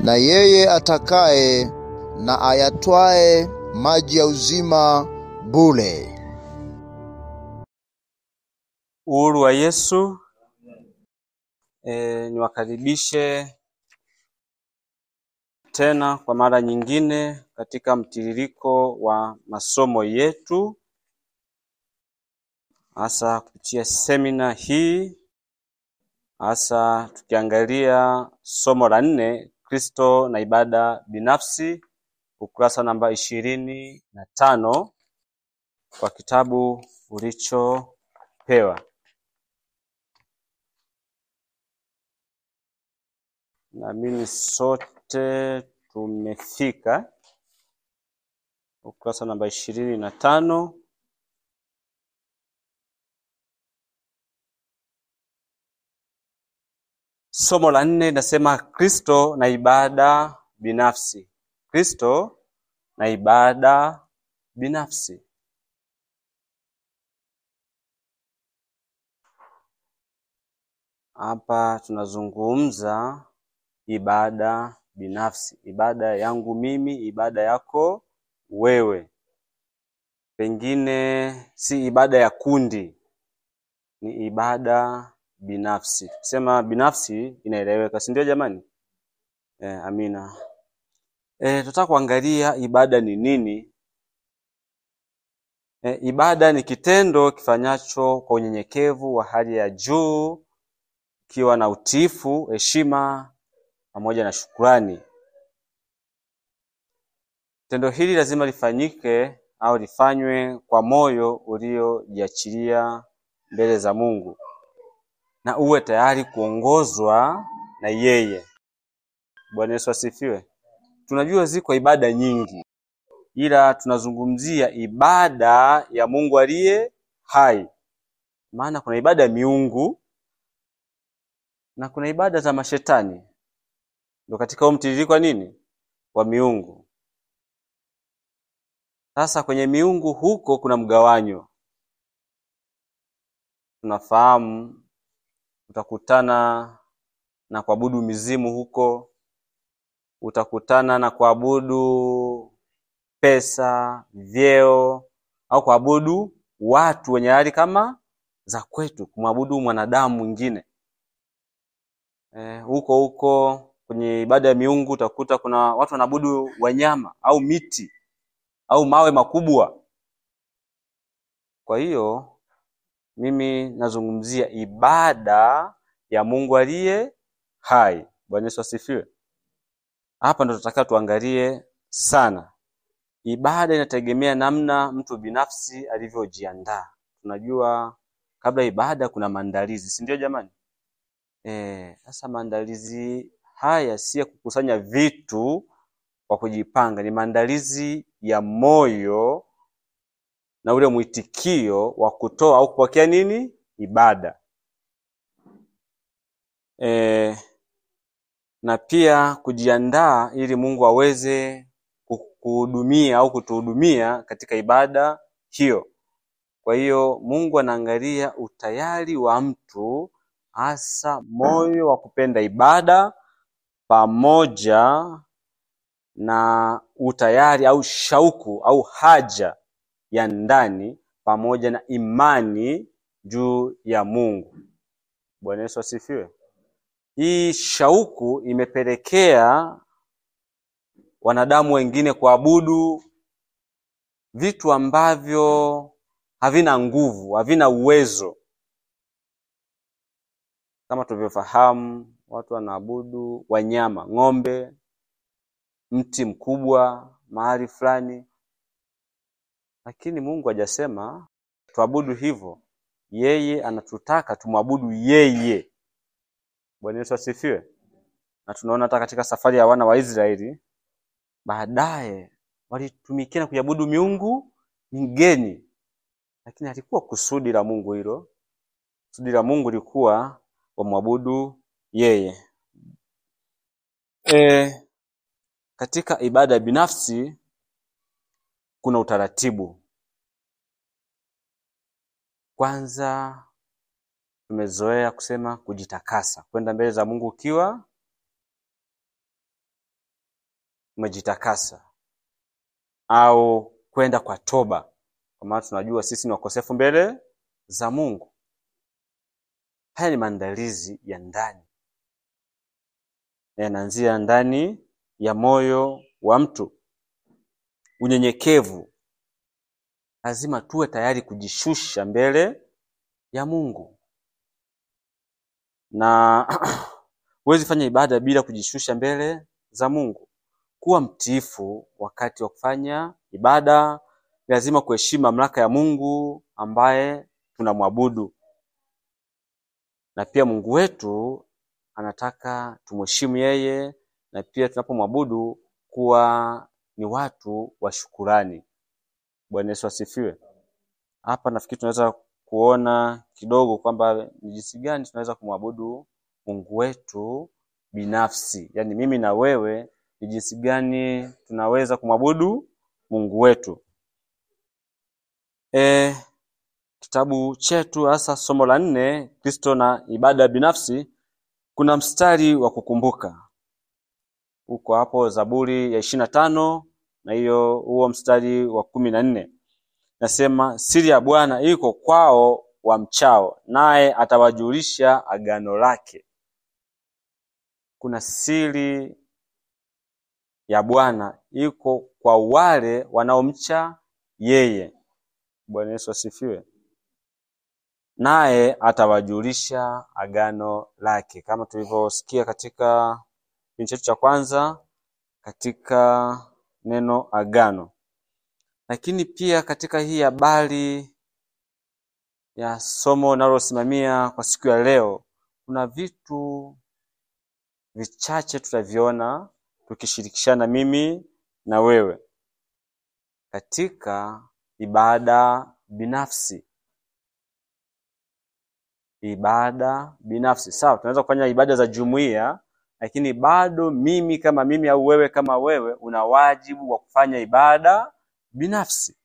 na yeye atakaye na ayatwae maji ya uzima bule. Uhuru wa Yesu. E, niwakaribishe tena kwa mara nyingine katika mtiririko wa masomo yetu hasa kupitia semina hii hasa tukiangalia somo la nne Kristo na ibada binafsi, ukurasa namba ishirini na tano kwa kitabu ulichopewa. Naamini sote tumefika ukurasa namba ishirini na tano. Somo la nne linasema Kristo na ibada binafsi. Kristo na ibada binafsi. Hapa tunazungumza ibada binafsi, ibada yangu mimi, ibada yako wewe, pengine si ibada ya kundi, ni ibada binafsi. Sema binafsi inaeleweka, si ndio jamani? E, amina. E, eh, tutataka kuangalia ibada ni nini? E, ibada ni kitendo kifanyacho kwa unyenyekevu wa hali ya juu ikiwa na utiifu, heshima pamoja na shukrani. Tendo hili lazima lifanyike au lifanywe kwa moyo uliojiachilia mbele za Mungu na uwe tayari kuongozwa na yeye. Bwana Yesu asifiwe. Tunajua ziko ibada nyingi, ila tunazungumzia ibada ya Mungu aliye hai, maana kuna ibada ya miungu na kuna ibada za mashetani. Ndio katika huo mtiririko wa nini, wa miungu. Sasa kwenye miungu huko kuna mgawanyo, tunafahamu utakutana na kuabudu mizimu huko, utakutana na kuabudu pesa, vyeo au kuabudu watu wenye hali kama za kwetu, kumwabudu mwanadamu mwingine. E, huko huko kwenye ibada ya miungu utakuta kuna watu wanaabudu wanyama au miti au mawe makubwa. Kwa hiyo mimi nazungumzia ibada ya Mungu aliye hai. Bwana Yesu asifiwe. Hapa ndo tunataka tuangalie sana. Ibada inategemea namna mtu binafsi alivyojiandaa. Tunajua kabla ibada kuna maandalizi, si ndio jamani? E, sasa e, maandalizi haya si ya kukusanya vitu kwa kujipanga, ni maandalizi ya moyo na ule mwitikio wa kutoa au kupokea nini ibada e, na pia kujiandaa ili Mungu aweze kuhudumia au kutuhudumia katika ibada hiyo. Kwa hiyo Mungu anaangalia utayari wa mtu, hasa moyo wa kupenda ibada pamoja na utayari au shauku au haja ya ndani pamoja na imani juu ya Mungu. Bwana Yesu asifiwe. Hii shauku imepelekea wanadamu wengine kuabudu vitu ambavyo havina nguvu, havina uwezo. Kama tulivyofahamu, watu wanaabudu wanyama, ng'ombe, mti mkubwa mahali fulani, lakini Mungu hajasema tuabudu hivyo, yeye anatutaka tumwabudu yeye. Bwana Yesu asifiwe. Na tunaona hata katika safari ya wana wa Israeli baadaye walitumikia na kuabudu miungu migeni, lakini halikuwa kusudi la Mungu hilo. Kusudi la Mungu lilikuwa wamwabudu yeye. E, katika ibada binafsi kuna utaratibu. Kwanza tumezoea kusema kujitakasa, kwenda mbele za Mungu ukiwa umejitakasa au kwenda kwa toba, kwa maana tunajua sisi ni wakosefu mbele za Mungu. Haya ni maandalizi ya ndani, yanaanzia ndani ya moyo wa mtu unyenyekevu, lazima tuwe tayari kujishusha mbele ya Mungu na huwezi fanya ibada bila kujishusha mbele za Mungu. Kuwa mtiifu wakati wa kufanya ibada, lazima kuheshimu mamlaka ya Mungu ambaye tunamwabudu, na pia Mungu wetu anataka tumheshimu yeye, na pia tunapomwabudu kuwa ni watu wa shukurani. Bwana Yesu asifiwe. Hapa nafikiri tunaweza kuona kidogo kwamba ni jinsi gani tunaweza kumwabudu Mungu wetu binafsi, yaani mimi na wewe, ni jinsi gani tunaweza kumwabudu Mungu wetu. E, kitabu chetu hasa somo la nne, Kristo na ibada binafsi, kuna mstari wa kukumbuka uko hapo Zaburi ya ishirini na tano na hiyo huo mstari wa kumi na nne nasema, siri ya Bwana iko kwao wamchao, naye atawajulisha agano lake. Kuna siri ya Bwana iko kwa wale wanaomcha yeye. Bwana Yesu asifiwe. Naye atawajulisha agano lake, kama tulivyosikia katika Kipindi chetu cha kwanza katika neno agano, lakini pia katika hii habari ya somo linalosimamia kwa siku ya leo, kuna vitu vichache tutaviona tukishirikishana mimi na wewe katika ibada binafsi ibada binafsi. Sawa, tunaweza kufanya ibada za jumuiya lakini bado mimi kama mimi au wewe kama wewe una wajibu wa kufanya ibada binafsi,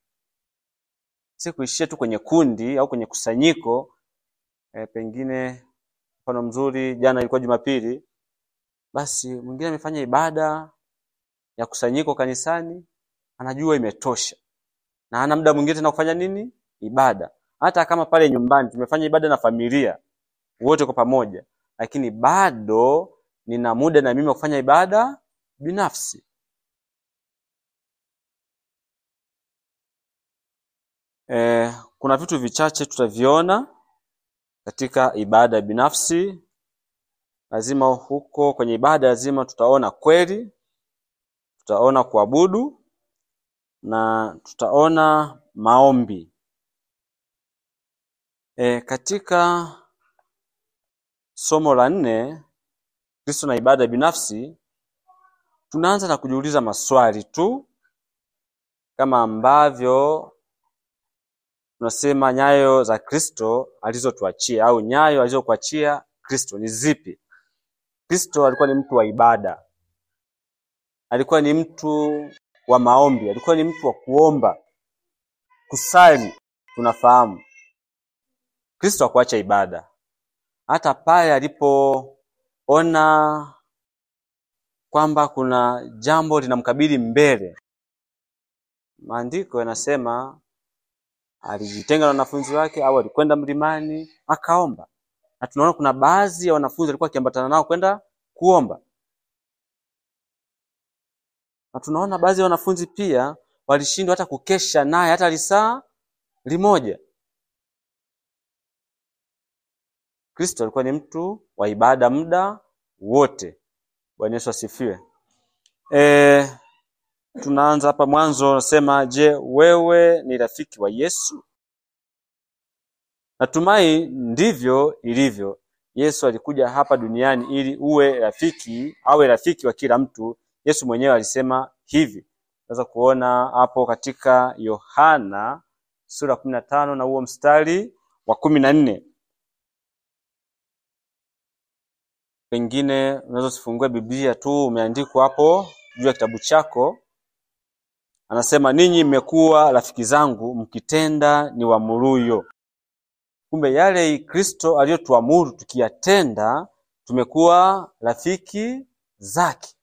si kuishia tu kwenye kundi au kwenye kusanyiko. E, pengine mfano mzuri, jana ilikuwa Jumapili, basi mwingine amefanya ibada ya kusanyiko kanisani, anajua imetosha, na ana muda mwingine tena kufanya nini ibada. Hata kama pale nyumbani tumefanya ibada na familia wote kwa pamoja, lakini bado nina muda na mimi wa kufanya ibada binafsi. E, kuna vitu vichache tutaviona katika ibada binafsi. Lazima huko kwenye ibada lazima tutaona kweli, tutaona kuabudu na tutaona maombi. E, katika somo la nne Kristo na ibada binafsi, tunaanza na kujiuliza maswali tu kama ambavyo tunasema nyayo za Kristo alizotuachia au nyayo alizokuachia Kristo ni zipi? Kristo alikuwa ni mtu wa ibada, alikuwa ni mtu wa maombi, alikuwa ni mtu wa kuomba, kusali. Tunafahamu Kristo hakuacha ibada hata pale alipo ona kwamba kuna jambo linamkabili mbele. Maandiko yanasema alijitenga na wanafunzi wake au alikwenda mlimani akaomba, na tunaona kuna baadhi ya wanafunzi walikuwa wakiambatana nao kwenda kuomba, na tunaona baadhi ya wanafunzi pia walishindwa hata kukesha naye hata lisaa limoja. Kristo alikuwa ni mtu wa ibada muda wote. Bwana Yesu asifiwe. E, tunaanza hapa mwanzo, nasema je, wewe ni rafiki wa Yesu? Natumai ndivyo ilivyo. Yesu alikuja hapa duniani ili uwe rafiki, awe rafiki wa kila mtu. Yesu mwenyewe alisema hivi, naweza kuona hapo katika Yohana sura kumi na tano na huo mstari wa kumi na nne Pengine unaweza usifungue Biblia tu, umeandikwa hapo juu ya kitabu chako. Anasema, ninyi mmekuwa rafiki zangu mkitenda ni wamuruyo Kumbe yale Kristo aliyotuamuru tukiyatenda, tumekuwa rafiki zake.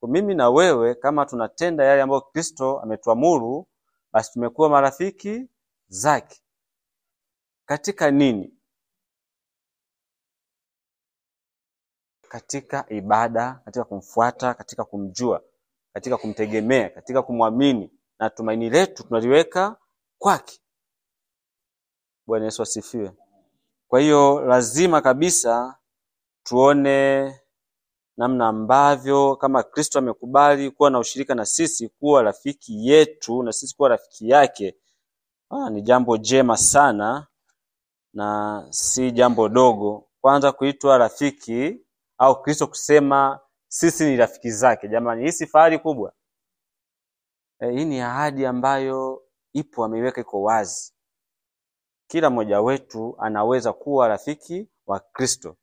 Kwa mimi na wewe, kama tunatenda yale ambayo Kristo ametuamuru, basi tumekuwa marafiki zake. Katika nini? katika ibada, katika kumfuata, katika kumjua, katika kumtegemea, katika kumwamini, na tumaini letu tunaliweka kwake. Bwana Yesu asifiwe. Kwa hiyo lazima kabisa tuone namna ambavyo kama Kristo amekubali kuwa na ushirika na sisi, kuwa rafiki yetu na sisi kuwa rafiki yake. Ah, ni jambo jema sana na si jambo dogo. Kwanza kuitwa rafiki au Kristo kusema sisi ni rafiki zake. Jamani, hii si fahari kubwa? E, hii ni ahadi ambayo ipo, ameiweka iko wazi. Kila mmoja wetu anaweza kuwa rafiki wa Kristo,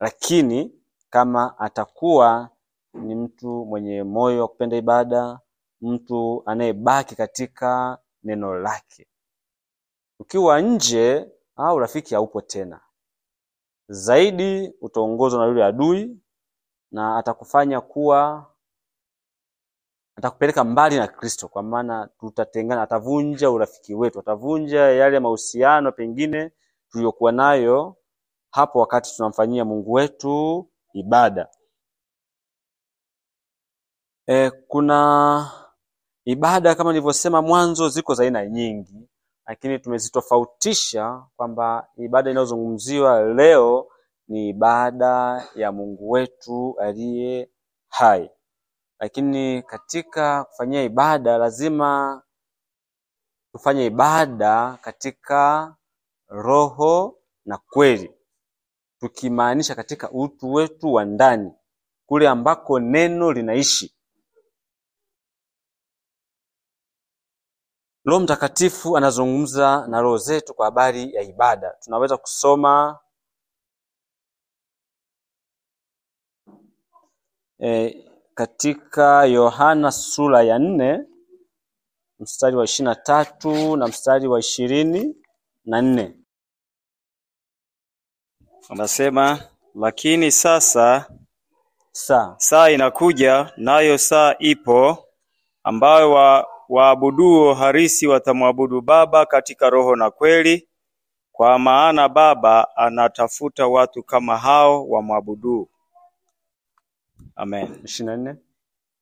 lakini kama atakuwa ni mtu mwenye moyo wa kupenda ibada, mtu anayebaki katika neno lake. Ukiwa nje, au rafiki haupo tena zaidi utaongozwa na yule adui na atakufanya kuwa atakupeleka mbali na Kristo, kwa maana tutatengana, atavunja urafiki wetu, atavunja yale mahusiano pengine tuliyokuwa nayo hapo wakati tunamfanyia Mungu wetu ibada. E, kuna ibada kama nilivyosema mwanzo, ziko za aina nyingi lakini tumezitofautisha kwamba ibada inayozungumziwa leo ni ibada ya Mungu wetu aliye hai, lakini katika kufanyia ibada lazima tufanye ibada katika roho na kweli, tukimaanisha katika utu wetu wa ndani, kule ambako neno linaishi Roho Mtakatifu anazungumza na roho zetu kwa habari ya ibada. Tunaweza kusoma e, katika Yohana sura ya nne mstari wa ishirini na tatu na mstari wa ishirini na nne anasema lakini sasa saa, saa inakuja nayo saa ipo ambayo wa waabuduo harisi watamwabudu Baba katika roho na kweli, kwa maana Baba anatafuta watu kama hao wamwabuduo. Amen. 24.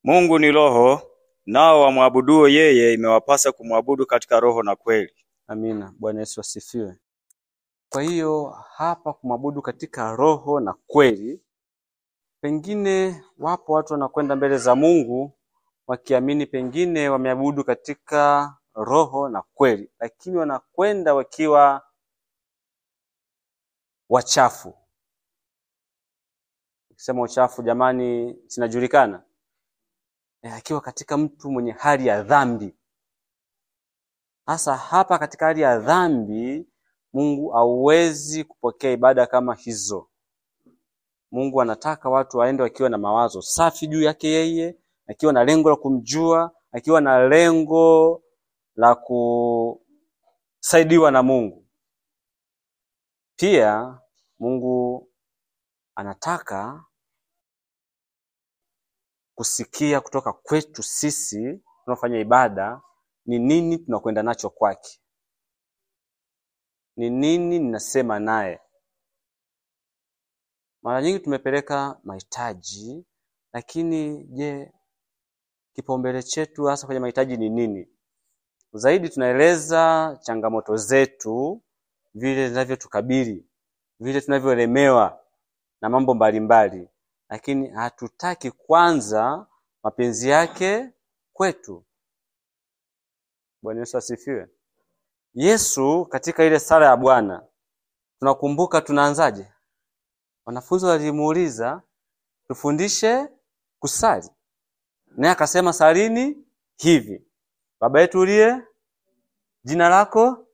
Mungu ni roho, nao wamwabuduo yeye imewapasa kumwabudu katika roho na kweli. Amina. Bwana Yesu asifiwe. Kwa hiyo hapa kumwabudu katika roho na kweli, pengine wapo watu wanakwenda mbele za Mungu wakiamini pengine wameabudu katika roho na kweli, lakini wanakwenda wakiwa wachafu. Ukisema uchafu, jamani, sinajulikana e, akiwa katika mtu mwenye hali ya dhambi. Hasa hapa katika hali ya dhambi, Mungu hauwezi kupokea ibada kama hizo. Mungu anataka watu waende wakiwa na mawazo safi juu yake yeye akiwa na lengo la kumjua, akiwa na lengo la kusaidiwa na Mungu. Pia Mungu anataka kusikia kutoka kwetu sisi tunaofanya ibada, ni nini tunakwenda nacho kwake, ni nini ninasema naye. Mara nyingi tumepeleka mahitaji, lakini je, kipaumbele chetu hasa kwenye mahitaji ni nini. Zaidi tunaeleza changamoto zetu, vile zinavyotukabili, vile tunavyolemewa na mambo mbalimbali, lakini hatutaki kwanza mapenzi yake kwetu. Bwana Yesu asifiwe. Yesu katika ile sala ya Bwana tunakumbuka, tunaanzaje? Wanafunzi walimuuliza tufundishe kusali naye akasema salini hivi, baba yetu uliye, jina lako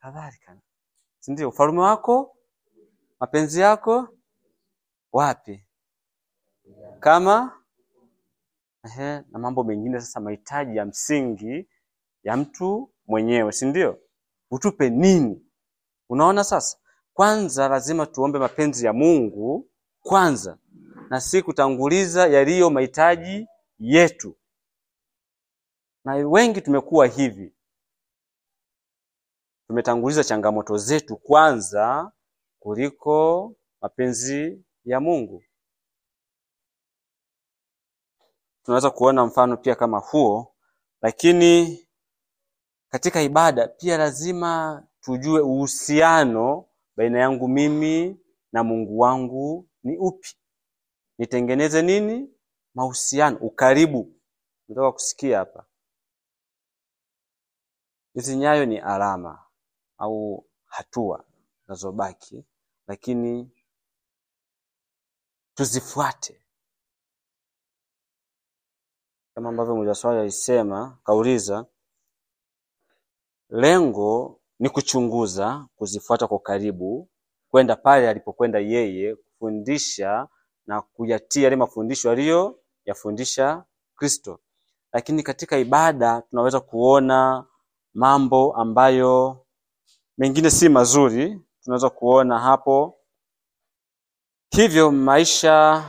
kadhalika, si ndio? Ufalme wako, mapenzi yako wapi kama ehe, na mambo mengine. Sasa mahitaji ya msingi ya mtu mwenyewe, si ndio? Utupe nini? Unaona, sasa kwanza lazima tuombe mapenzi ya Mungu kwanza na si kutanguliza yaliyo mahitaji yetu, na wengi tumekuwa hivi, tumetanguliza changamoto zetu kwanza kuliko mapenzi ya Mungu. Tunaweza kuona mfano pia kama huo, lakini katika ibada pia lazima tujue uhusiano baina yangu mimi na Mungu wangu ni upi nitengeneze nini? Mahusiano, ukaribu. Nataka kusikia hapa, hizi nyayo ni alama au hatua zinazobaki, lakini tuzifuate kama ambavyo Mujaswali alisema, kauliza lengo ni kuchunguza, kuzifuata kwa karibu, kwenda pale alipokwenda yeye, kufundisha na kuyatia yale mafundisho yafundisha Kristo. Lakini katika ibada tunaweza kuona mambo ambayo mengine si mazuri, tunaweza kuona hapo. Hivyo maisha,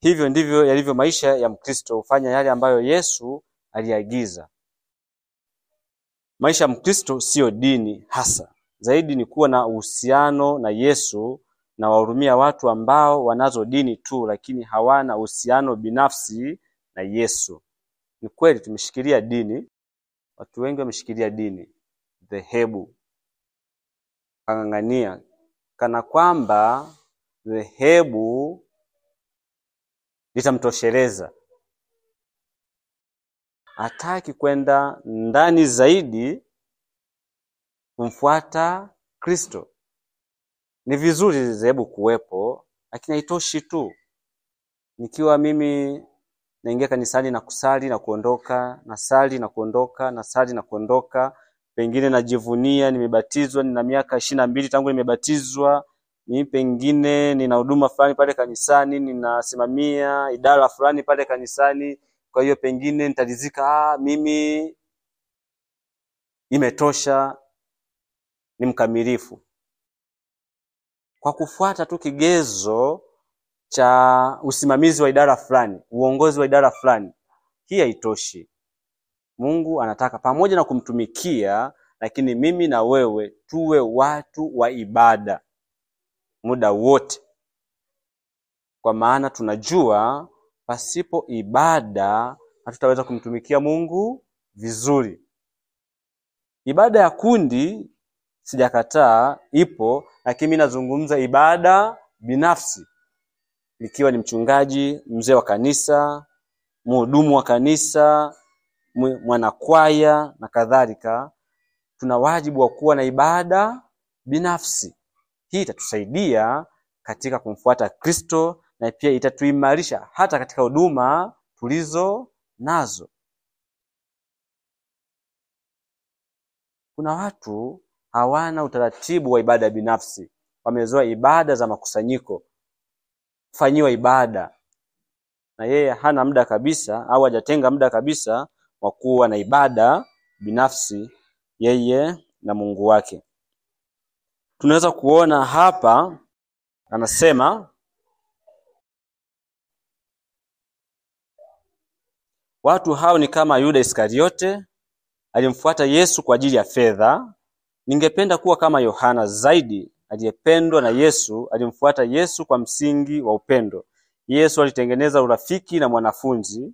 hivyo ndivyo yalivyo maisha ya Mkristo, hufanya yale ambayo Yesu aliagiza. Maisha ya Mkristo siyo dini hasa, zaidi ni kuwa na uhusiano na Yesu na wahurumia watu ambao wanazo dini tu lakini hawana uhusiano binafsi na Yesu. Ni kweli tumeshikilia dini, watu wengi wameshikilia dini, dhehebu, ang'ang'ania kana kwamba dhehebu litamtosheleza. Hataki kwenda ndani zaidi kumfuata Kristo. Ni vizuri dhehebu kuwepo, lakini haitoshi tu. Nikiwa mimi naingia kanisani na kusali na kuondoka, sali na kuondoka, sali na kuondoka, pengine najivunia nimebatizwa, nina miaka ishirini na mbili tangu nimebatizwa mimi pengine nina huduma fulani pale kanisani, ninasimamia idara fulani pale kanisani. Kwa hiyo pengine nitalizika, ah, mimi imetosha, ni mkamilifu kwa kufuata tu kigezo cha usimamizi wa idara fulani, uongozi wa idara fulani. Hii haitoshi. Mungu anataka pamoja na kumtumikia, lakini mimi na wewe tuwe watu wa ibada muda wote, kwa maana tunajua pasipo ibada hatutaweza kumtumikia Mungu vizuri. Ibada ya kundi sijakataa, ipo, lakini mi nazungumza ibada binafsi, nikiwa ni mchungaji, mzee wa kanisa, mhudumu wa kanisa, mwanakwaya na kadhalika. Tuna wajibu wa kuwa na ibada binafsi. Hii itatusaidia katika kumfuata Kristo na pia itatuimarisha hata katika huduma tulizo nazo. Kuna watu hawana utaratibu wa ibada binafsi, wamezoea ibada za makusanyiko, fanyiwa ibada, na yeye hana muda kabisa au hajatenga muda kabisa wa kuwa na ibada binafsi yeye na Mungu wake. Tunaweza kuona hapa anasema watu hao ni kama Yuda Iskariote alimfuata Yesu kwa ajili ya fedha Ningependa kuwa kama Yohana zaidi, aliyependwa na Yesu, alimfuata Yesu kwa msingi wa upendo. Yesu alitengeneza urafiki na mwanafunzi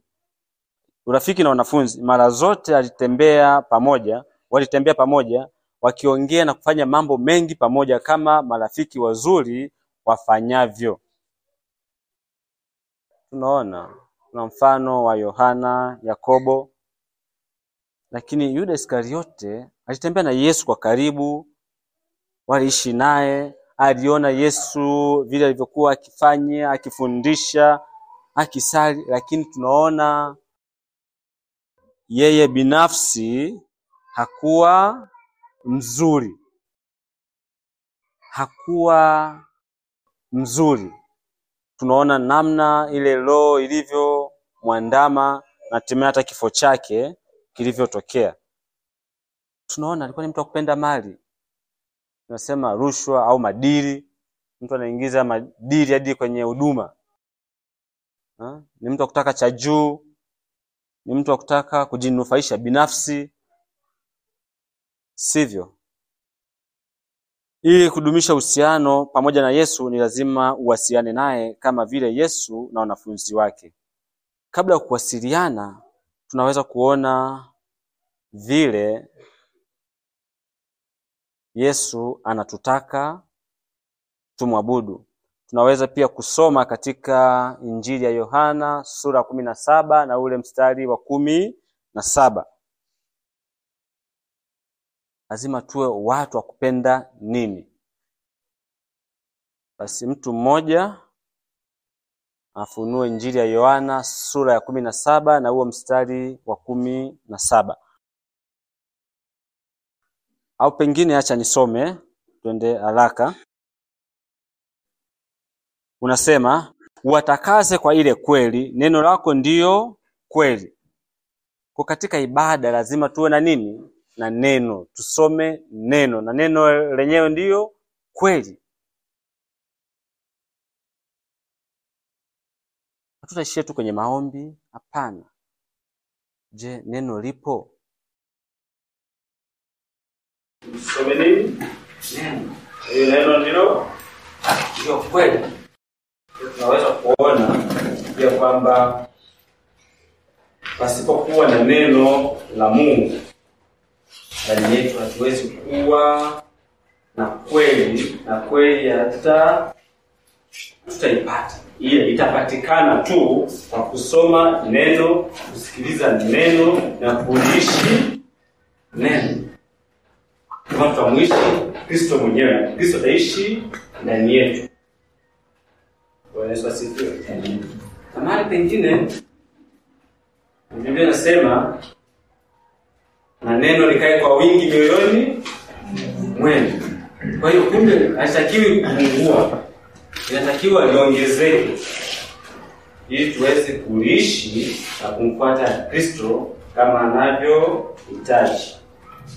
urafiki na wanafunzi. Mara zote alitembea pamoja, walitembea pamoja wakiongea na kufanya mambo mengi pamoja kama marafiki wazuri wafanyavyo. Tunaona tuna mfano wa Yohana, Yakobo lakini Yuda Iskariote alitembea na Yesu kwa karibu, waliishi naye, aliona Yesu vile alivyokuwa akifanya, akifundisha, akisali, lakini tunaona yeye binafsi hakuwa mzuri, hakuwa mzuri. Tunaona namna ile roho ilivyo na hatimaye hata kifo chake kilivyotokea. Tunaona alikuwa ni mtu wa kupenda mali, tunasema rushwa au madili. Mtu anaingiza madili hadi kwenye huduma. Ni mtu wa kutaka cha juu, ni mtu wa kutaka kujinufaisha binafsi, sivyo? Ili kudumisha uhusiano pamoja na Yesu ni lazima uwasiliane naye kama vile Yesu na wanafunzi wake. Kabla ya kuwasiliana tunaweza kuona vile Yesu anatutaka tumwabudu. Tunaweza pia kusoma katika Injili ya Yohana sura kumi na saba na ule mstari wa kumi na saba. Lazima tuwe watu wa kupenda nini? Basi mtu mmoja afunue Injili ya Yohana sura ya kumi na saba na huo mstari wa kumi na saba au pengine acha nisome, twende haraka. Unasema, watakase kwa ile kweli, neno lako ndiyo kweli. Kwa katika ibada lazima tuwe na nini? Na neno, tusome neno, na neno lenyewe ndiyo kweli. hatutaishia tu kwenye maombi. Hapana. Je, neno lipo? Tusome Neno. neno ndilo ndio kweli. Tunaweza kuona ya kwamba pasipokuwa na neno la Mungu ndani yetu hatuwezi kuwa na kweli, na kweli hatuta tutaipata ile itapatikana tu kwa kusoma neno, kusikiliza neno na kuishi neno. Kama tutamwishi Kristo mwenyewe, Kristo taishi ndani yetu. Bwana Yesu asifiwe. Na mahali pengine Biblia nasema na neno likae kwa wingi mioyoni mwenu. Kwa hiyo kumbe hashtakiwi kuungua inatakiwa liongezeke ili tuweze kuishi na kumfuata Kristo kama anavyohitaji.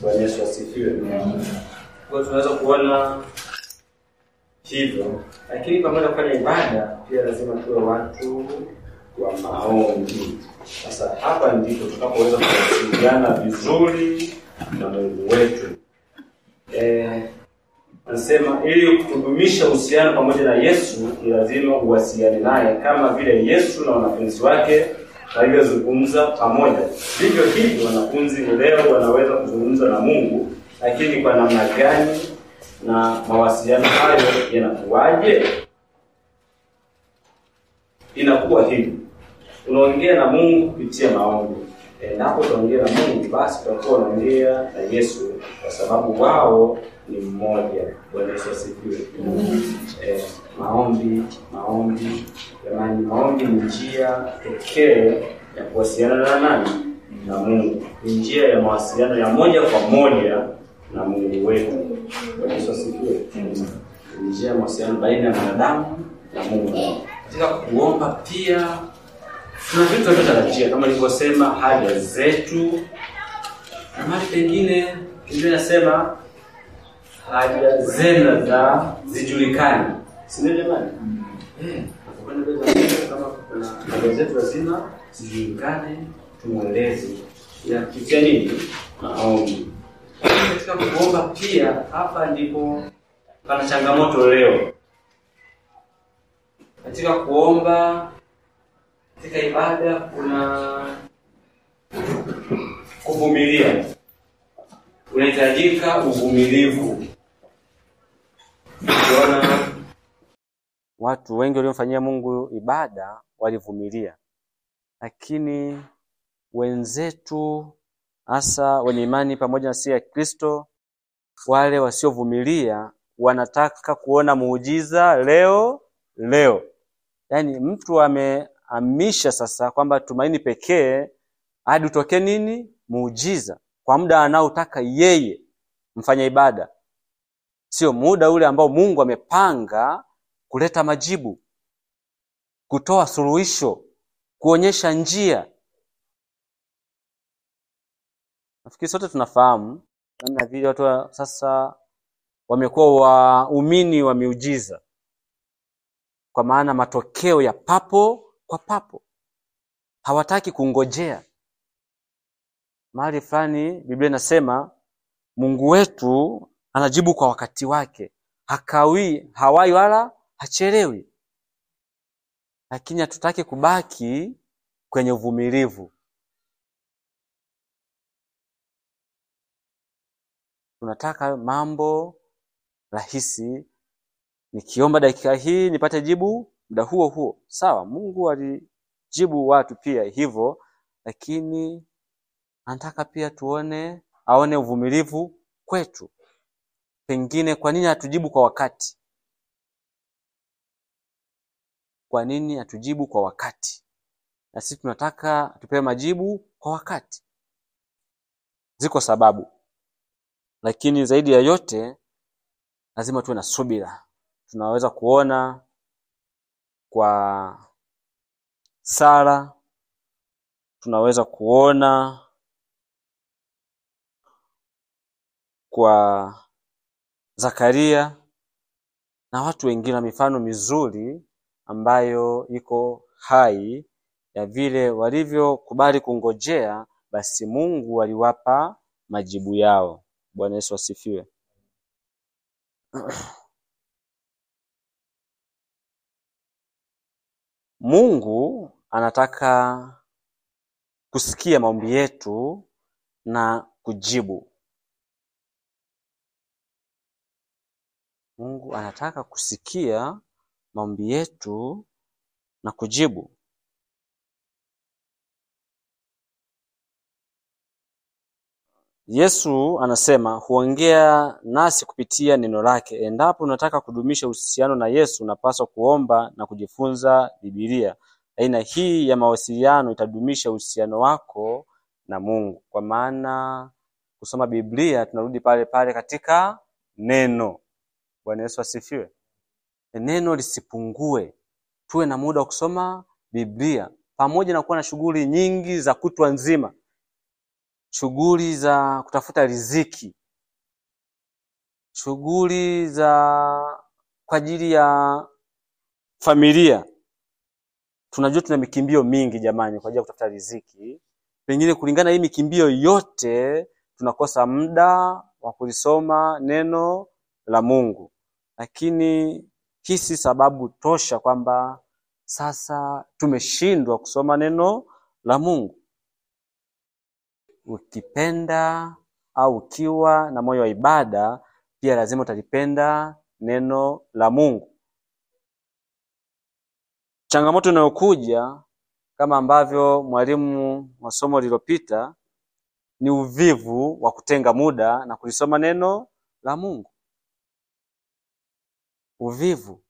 Bwana Yesu asifiwe. Kwa tunaweza kuona hivyo, lakini pamoja kufanya ibada pia lazima tuwe watu wa maombi. Sasa hapa ndipo tunapoweza kuwasiliana vizuri na Mungu wetu eh, Anasema ili kudumisha uhusiano pamoja na Yesu ni lazima uwasiliane naye kama vile Yesu na wanafunzi wake walivyozungumza pamoja. Vivyo hivyo, wanafunzi leo wanaweza kuzungumza na Mungu, lakini kwa namna gani na mawasiliano hayo yanakuwaje? Inakuwa hivi, unaongea na Mungu kupitia maombi. Endapo utaongea na Mungu, basi utakuwa unaongea na Yesu, kwa sababu wao ni mmoja. Bwana Yesu asifiwe. Eh, maombi maombi, jamani, maombi ni njia pekee ya kuwasiliana na nani? Na Mungu. Ni njia ya mawasiliano ya moja kwa moja na Mungu wetu. Bwana Yesu asifiwe. Ni njia ya mawasiliano baina ya mwanadamu na Mungu. Katika kuomba pia kuna vitu tunavyotarajia kama nilivyosema, haja zetu na mali pengine, ndio nasema haja zenu za zijulikane, si ndio jamani? Haja zetu lazima zijulikane, tumweleze ya nini? Maombi. Katika kuomba pia, hapa ndipo pana changamoto leo katika kuomba katika ibada kuna kuvumilia, unahitajika uvumilivu watu wengi waliomfanyia Mungu ibada walivumilia, lakini wenzetu hasa wenye imani pamoja na si ya Kristo, wale wasiovumilia wanataka kuona muujiza leo leo. Yaani mtu amehamisha sasa kwamba tumaini pekee hadi utokee nini muujiza kwa muda anaotaka yeye mfanya ibada sio muda ule ambao Mungu amepanga kuleta majibu, kutoa suluhisho, kuonyesha njia. Nafikiri sote tunafahamu namna vile watu wa sasa wamekuwa waumini wa miujiza, kwa maana matokeo ya papo kwa papo, hawataki kungojea. Mahali fulani Biblia inasema Mungu wetu anajibu kwa wakati wake, hakawi hawai wala hachelewi. Lakini hatutaki kubaki kwenye uvumilivu, tunataka mambo rahisi. Nikiomba dakika hii nipate jibu muda huo huo, sawa. Mungu alijibu watu pia hivyo, lakini anataka pia tuone, aone uvumilivu kwetu. Pengine kwa nini hatujibu kwa wakati? Na sisi tunataka tupewe majibu kwa wakati. Ziko sababu, lakini zaidi ya yote lazima tuwe na subira. Tunaweza kuona kwa Sara, tunaweza kuona kwa Zakaria na watu wengine na mifano mizuri ambayo iko hai ya vile walivyokubali kungojea, basi Mungu aliwapa majibu yao. Bwana Yesu asifiwe. Mungu anataka kusikia maombi yetu na kujibu. Mungu anataka kusikia maombi yetu na kujibu Yesu anasema huongea nasi kupitia neno lake. Endapo unataka kudumisha uhusiano na Yesu, unapaswa kuomba na kujifunza Biblia. Aina hii ya mawasiliano itadumisha uhusiano wako na Mungu, kwa maana kusoma Biblia tunarudi pale pale katika neno. Bwana Yesu asifiwe. Neno lisipungue, tuwe na muda wa kusoma Biblia pamoja na kuwa na shughuli nyingi za kutwa nzima, shughuli za kutafuta riziki, shughuli za kwa ajili ya familia. Tunajua tuna mikimbio mingi jamani, kwa ajili ya kutafuta riziki. Pengine kulingana na hii mikimbio yote, tunakosa muda wa kulisoma neno la Mungu, lakini hii si sababu tosha kwamba sasa tumeshindwa kusoma neno la Mungu. Ukipenda au ukiwa na moyo wa ibada, pia lazima utalipenda neno la Mungu. Changamoto inayokuja kama ambavyo mwalimu wa somo lililopita ni uvivu wa kutenga muda na kulisoma neno la Mungu uvivu,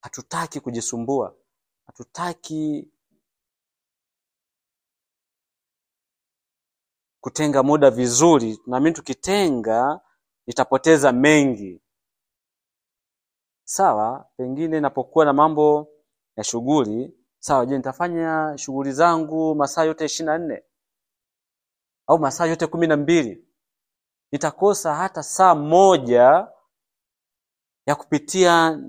hatutaki kujisumbua, hatutaki kutenga muda vizuri. Naamini tukitenga nitapoteza mengi. Sawa, pengine napokuwa na mambo ya shughuli sawa. Je, nitafanya shughuli zangu masaa yote ishirini na nne au masaa yote kumi na mbili? Nitakosa hata saa moja ya kupitia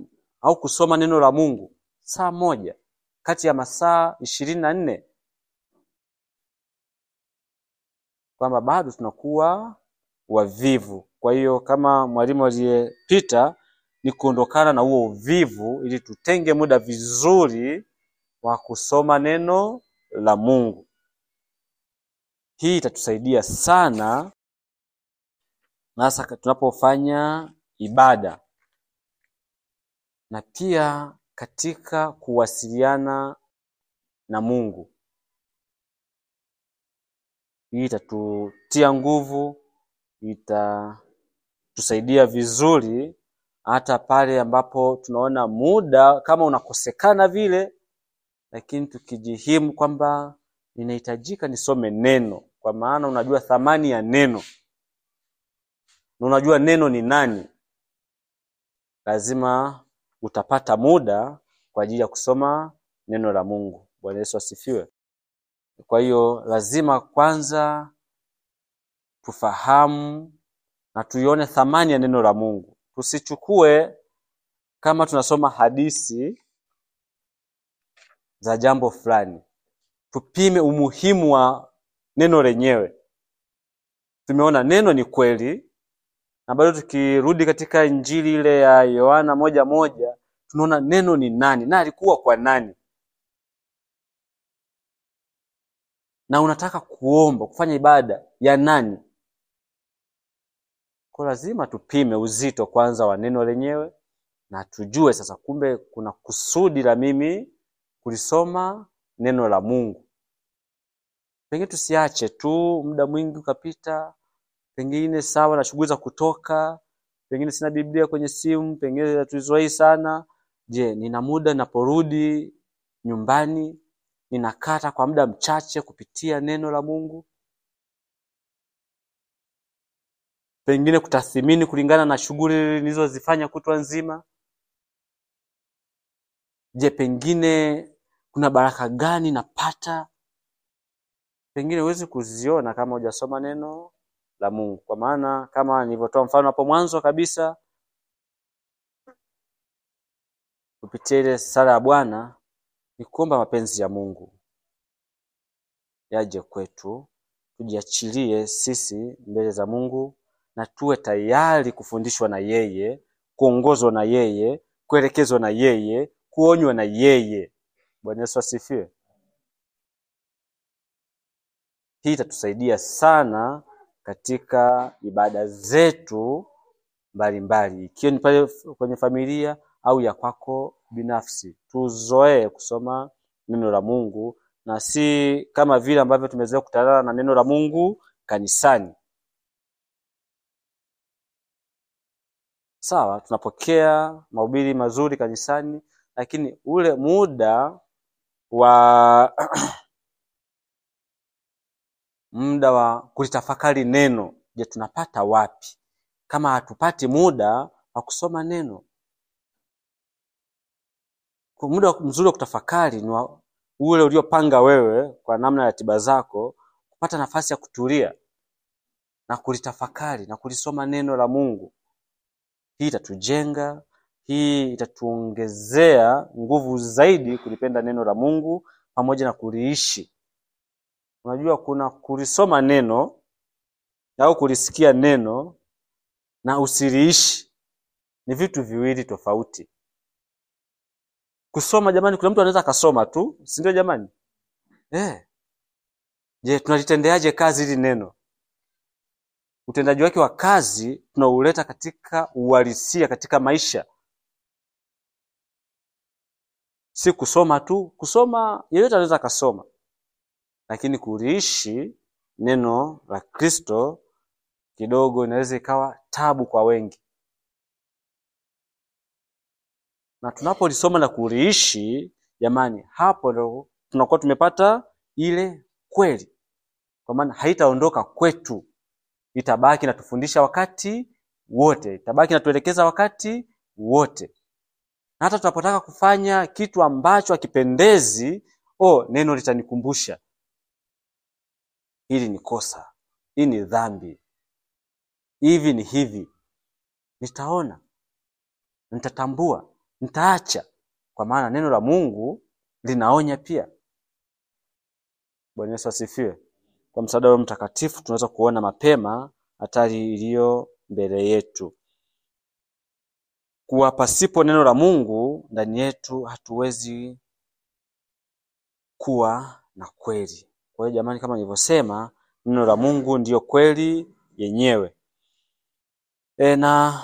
au kusoma neno la Mungu saa moja kati ya masaa ishirini na nne kwamba bado tunakuwa wavivu. Kwa hiyo kama mwalimu aliyepita ni kuondokana na huo uvivu, ili tutenge muda vizuri wa kusoma neno la Mungu. Hii itatusaidia sana, hasa tunapofanya ibada na pia katika kuwasiliana na Mungu. Hii itatutia nguvu, itatusaidia vizuri hata pale ambapo tunaona muda kama unakosekana vile, lakini tukijihimu kwamba ninahitajika nisome neno, kwa maana unajua thamani ya neno na unajua neno ni nani, lazima utapata muda kwa ajili ya kusoma neno la Mungu. Bwana Yesu asifiwe. Kwa hiyo lazima kwanza tufahamu na tuione thamani ya neno la Mungu, tusichukue kama tunasoma hadithi za jambo fulani. Tupime umuhimu wa neno lenyewe. Tumeona neno ni kweli, na bado tukirudi katika Injili ile ya Yohana moja moja tunaona neno ni nani na alikuwa kwa nani. Na unataka kuomba kufanya ibada ya nani? Kwa lazima tupime uzito kwanza wa neno lenyewe, na tujue sasa, kumbe kuna kusudi la mimi kulisoma neno la Mungu. Pengine tusiache tu muda mwingi ukapita pengine sawa na shughuli za kutoka, pengine sina Biblia kwenye simu, pengine hatuizoi sana. Je, nina muda naporudi nyumbani ninakata kwa muda mchache kupitia neno la Mungu, pengine kutathimini kulingana na shughuli nilizozifanya kutwa nzima. Je, pengine kuna baraka gani napata? Pengine huwezi kuziona kama hujasoma neno, la Mungu. Kwa maana kama nilivyotoa mfano hapo mwanzo kabisa, kupitia ile sala ya Bwana ni kuomba mapenzi ya Mungu yaje kwetu, tujiachilie sisi mbele za Mungu na tuwe tayari kufundishwa na yeye, kuongozwa na yeye, kuelekezwa na yeye, kuonywa na yeye. Bwana Yesu asifiwe. Hii itatusaidia sana katika ibada zetu mbalimbali, ikiwa ni pale kwenye familia au ya kwako binafsi. Tuzoee kusoma neno la Mungu na si kama vile ambavyo tumezoea kutalala na neno la Mungu kanisani. Sawa, tunapokea mahubiri mazuri kanisani, lakini ule muda wa muda wa kulitafakari neno. Je, tunapata wapi? Kama hatupati muda wa kusoma neno, kwa muda mzuri wa kutafakari ni ule uliopanga wewe kwa namna ya ratiba zako, kupata nafasi ya kutulia na kulitafakari na kulisoma neno la Mungu. Hii itatujenga, hii itatuongezea nguvu zaidi kulipenda neno la Mungu pamoja na kuliishi. Unajua kuna kulisoma neno au kulisikia neno na usiliishi ni vitu viwili tofauti. Kusoma jamani, kuna mtu anaweza akasoma tu, si ndio jamani? Eh, je, tunalitendeaje kazi hili neno? Utendaji wake wa kazi tunauleta katika uhalisia, katika maisha, si kusoma tu. Kusoma yeyote anaweza akasoma lakini kuliishi neno la Kristo kidogo inaweza ikawa tabu kwa wengi, na tunapolisoma na kuliishi, jamani, hapo ndo tunakuwa tumepata ile kweli, kwa maana haitaondoka kwetu, itabaki natufundisha wakati wote, itabaki natuelekeza wakati wote. Na hata tunapotaka kufanya kitu ambacho hakipendezi, oh, neno litanikumbusha hili ni kosa, hii ni dhambi, hivi ni hivi, nitaona, nitatambua, nitaacha, kwa maana neno la Mungu linaonya pia. Bwana Yesu asifiwe. Kwa msaada wa Mtakatifu tunaweza kuona mapema hatari iliyo mbele yetu. Kuwa pasipo neno la Mungu ndani yetu hatuwezi kuwa na kweli. Kwa hiyo jamani, kama nilivyosema, neno la Mungu ndiyo kweli yenyewe. E, na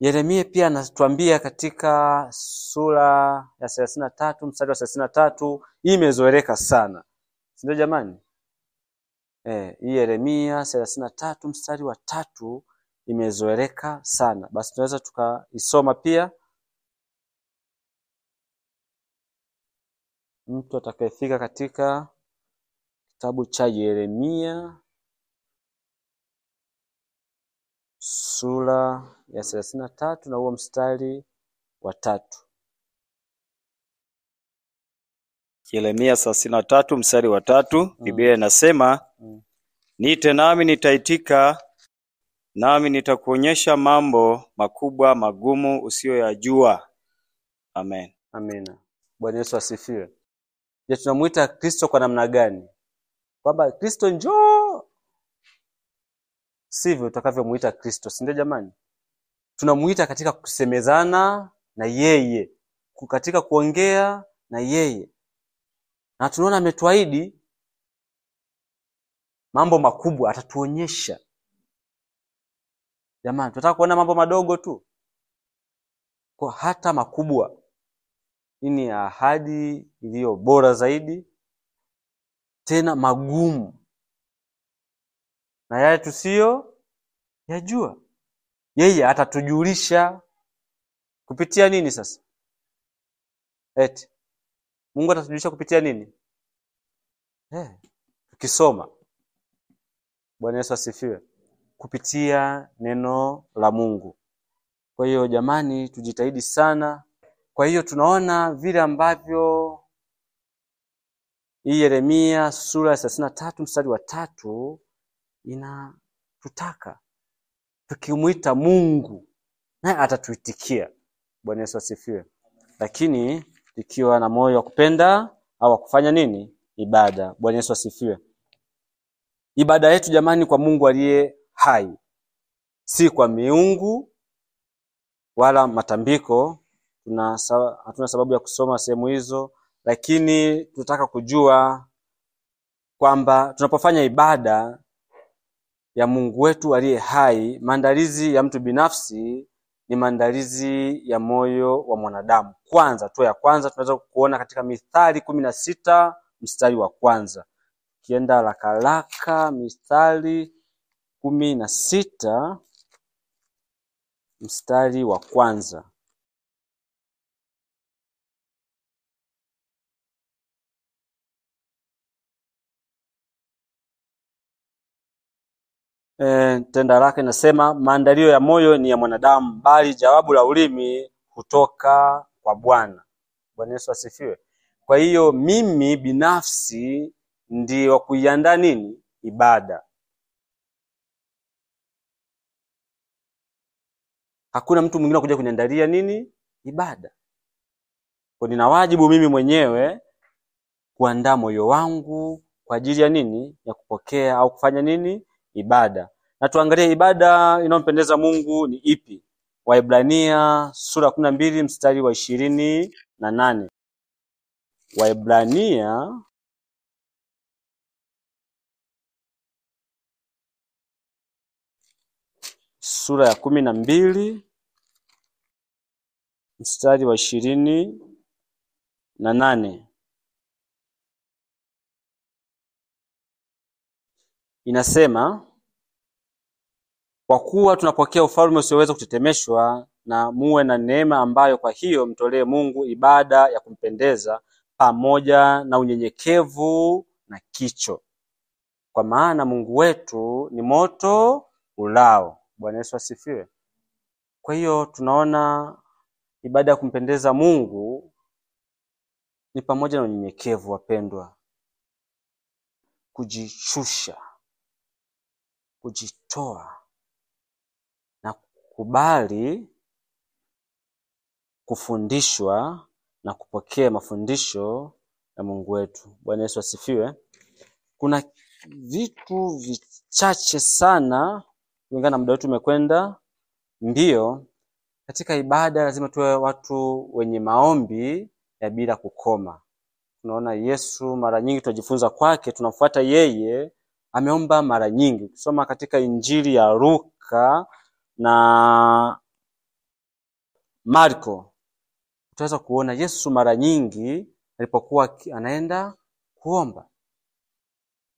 Yeremia pia anatuambia katika sura ya thelathini na tatu mstari wa thelathini na tatu hii imezoeleka sana, si ndio jamani? E, hii Yeremia thelathini na tatu mstari wa tatu imezoeleka sana. Basi tunaweza tukaisoma pia. Mtu atakayefika katika Kitabu cha Yeremia sura ya thelathini na tatu na huo mstari wa tatu. Yeremia thelathini na tatu mstari wa tatu. Mm. Biblia mm. inasema mm. niite nami nitaitika, nami nitakuonyesha mambo makubwa magumu usiyoyajua. Amen, amina. Bwana Yesu asifiwe. Je, tunamwita Kristo kwa namna gani? kwamba Kristo njoo, sivyo utakavyomuita Kristo, si ndio? Jamani, tunamuita katika kusemezana na yeye, katika kuongea na yeye, na tunaona ametuahidi mambo makubwa, atatuonyesha. Jamani, tunataka kuona mambo madogo tu, kwa hata makubwa. Hii ni ahadi iliyo bora zaidi tena magumu na yale tusiyo yajua. Yeye atatujulisha kupitia nini? Sasa eti Mungu atatujulisha kupitia nini? Eh, tukisoma hey. Bwana Yesu asifiwe, kupitia neno la Mungu. Kwa hiyo jamani, tujitahidi sana. Kwa hiyo tunaona vile ambavyo hii Yeremia sura ya thelathini na tatu mstari wa tatu inatutaka tukimwita Mungu naye atatuitikia. Bwana Yesu asifiwe. Lakini ikiwa na moyo wa kupenda au wa kufanya nini? Ibada. Bwana Yesu asifiwe. Ibada yetu jamani, kwa Mungu aliye hai, si kwa miungu wala matambiko. Hatuna sababu ya kusoma sehemu hizo lakini tunataka kujua kwamba tunapofanya ibada ya Mungu wetu aliye hai, maandalizi ya mtu binafsi ni maandalizi ya moyo wa mwanadamu. Kwanza tu ya kwanza tunaweza kuona katika Mithali kumi na sita mstari wa kwanza kienda rakaraka, Mithali kumi na sita mstari wa kwanza. E, tenda lake nasema maandalio ya moyo ni ya mwanadamu, bali jawabu la ulimi hutoka kwa Bwana. Bwana Yesu asifiwe. Kwa hiyo mimi binafsi ndiye wa kuiandaa nini ibada. Hakuna mtu mwingine kuja kuniandalia nini ibada. Kwa nina wajibu mimi mwenyewe kuandaa moyo wangu kwa ajili ya nini, ya kupokea au kufanya nini ibada, na tuangalie ibada inayompendeza Mungu ni ipi. Waibrania sura kumi na mbili mstari wa ishirini na nane. Waibrania sura ya kumi na mbili mstari wa ishirini na nane. inasema, kwa kuwa tunapokea ufalme usioweza kutetemeshwa, na muwe na neema ambayo kwa hiyo mtolee Mungu ibada ya kumpendeza pamoja na unyenyekevu na kicho, kwa maana Mungu wetu ni moto ulao. Bwana Yesu asifiwe. Kwa hiyo tunaona ibada ya kumpendeza Mungu ni pamoja na unyenyekevu, wapendwa, kujishusha kujitoa na kukubali kufundishwa na kupokea mafundisho ya Mungu wetu. Bwana Yesu asifiwe. Kuna vitu vichache sana, kulingana na muda wetu umekwenda mbio. Katika ibada lazima tuwe watu wenye maombi ya bila kukoma. Tunaona Yesu mara nyingi tunajifunza kwake, tunamfuata yeye ameomba mara nyingi. Ukisoma katika Injili ya Luka na Marko utaweza kuona Yesu mara nyingi alipokuwa anaenda kuomba.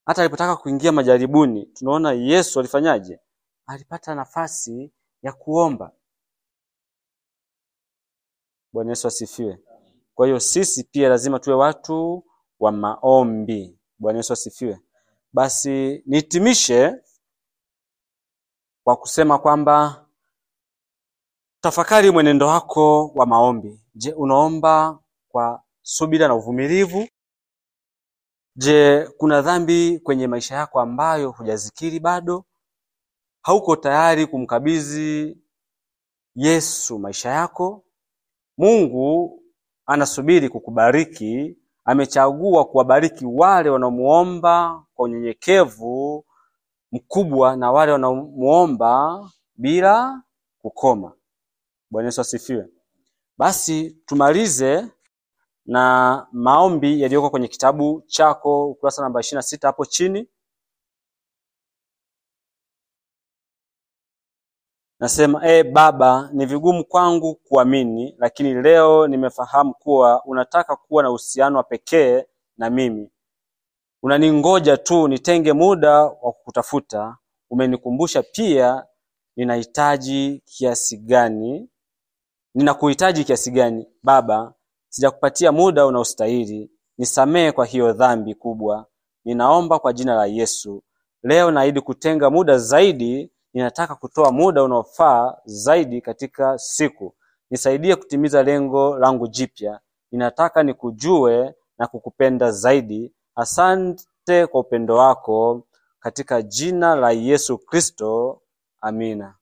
Hata alipotaka kuingia majaribuni, tunaona Yesu alifanyaje? Alipata nafasi ya kuomba. Bwana Yesu asifiwe. Kwa hiyo sisi pia lazima tuwe watu wa maombi. Bwana Yesu asifiwe. Basi nihitimishe kwa kusema kwamba tafakari mwenendo wako wa maombi. Je, unaomba kwa subira na uvumilivu? Je, kuna dhambi kwenye maisha yako ambayo hujazikiri bado? Hauko tayari kumkabidhi Yesu maisha yako? Mungu anasubiri kukubariki. Amechagua kuwabariki wale wanaomuomba kwa unyenyekevu mkubwa na wale wanaomuomba bila kukoma. Bwana Yesu asifiwe. Basi tumalize na maombi yaliyoko kwenye kitabu chako ukurasa namba ishirini na sita hapo chini. Nasema, e Baba, ni vigumu kwangu kuamini, lakini leo nimefahamu kuwa unataka kuwa na uhusiano wa pekee na mimi. Unaningoja tu nitenge muda wa kukutafuta, umenikumbusha pia ninahitaji kiasi gani ninakuhitaji kiasi gani. Baba, sijakupatia muda unaostahili, nisamehe kwa hiyo dhambi kubwa. Ninaomba kwa jina la Yesu. Leo naahidi kutenga muda zaidi, ninataka kutoa muda unaofaa zaidi katika siku. Nisaidie kutimiza lengo langu jipya, ninataka nikujue na kukupenda zaidi Asante kwa upendo wako katika jina la Yesu Kristo, amina.